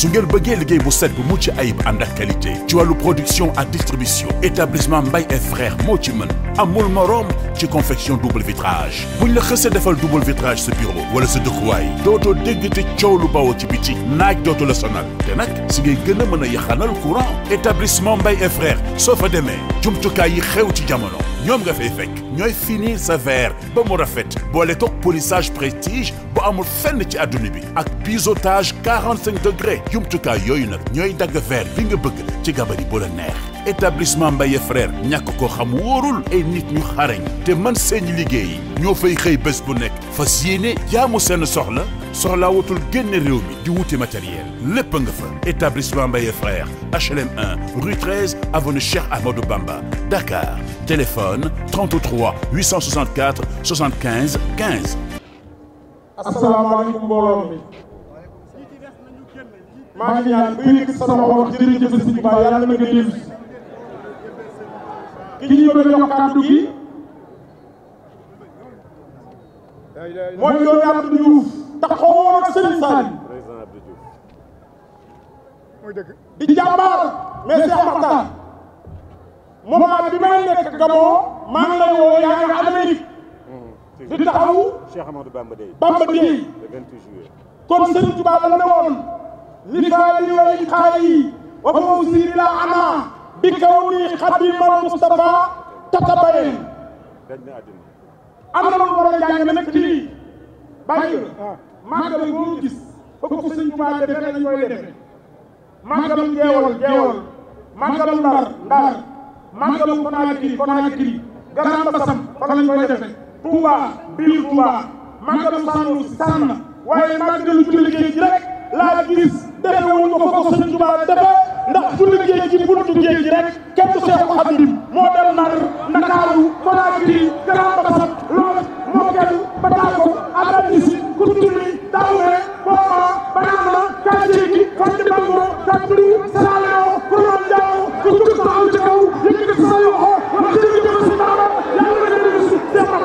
su ngeen bëggee liggéey bu set bu mucc ayib ànd ak qualité ci wàllu production ak distribution établissement Mbaye et frères moo ci mën a amul morom ci confection double vitrage buñ la xësee defal double vitrage sa bureau wala sa dëkkuwaay dootoo dégg te coow lu bawoo ci biti naaj dootu la sonal te nag si ngay gën a mën a yaxanal courant établissement Mbaye et frères soo fa demee jumtukaay yi xew ci jamono ñoom nga fay fekk ñooy finir sa verre ba mu rafet boole toog polissage prestige amul fenn ci adduna bi ak biseautage 45 degré jumtukaay yooyu nag ñooy dagg verre bi nga bëgg ci gabari bu la neex. établissement Mbaye frère ñàkk ko xam wóorul ay nit ñu xarañ te man seeni liggéey yi ñoo fay xëy bés bu nekk fas yéene jaamu seen soxla soxlaa wutul génn réew mi di wuti matériel lépp nga fa établissement Mbaye frère HLM 1 rue 13 avenue Cheikh Amadou Bamba Dakar téléphone 33 864 75 15 asalaamaaleykum mbooloo mi maa ngi ñaan bu yëkkati sama xol jërëjëf sëñ Tuubaa yàlla na nga dellu si ki ñu bëgg a jox kàddu gi mooy yow Abdou Diouf taxawoon ak Serigne Saliou di jàmbaar mais Cheikh Makhtar moment bi may nekk Gabon maa ngi lay woo yaa ngi Amérique di taxawu Cheikh Amadou Bamba Dieye Bamba Dieye le 28 juillet kon Sëriñ Tuubaa la ne woon li faali wa li xaayi wa fawzi bila ana bi kawni xadimal Mustafa tatabayen dañ na àddina am na lu war a jàng nag ci bàyyi ah. màggal boo gis fokk Sëriñ Tuubaa defee nañ koy defee màggalu jeewal jeewal màggalu ndar ndar màggalu konaakiri konaakiri garan basam fa lañ koy defee Touba biir Touba màggalu sànnu sànn waaye màggalu julli géej gi rek laa gis defewuñ ko fa ko sëñ Touba defe ndax julli géej gi buntu géej gi rek képp Seexu Xadim moo dem Ndar Ndakaaru Conakry Grand Bassam loolu moo kenn ba taal ko alandisi kutumi dawme booma banama kajiki fandi bango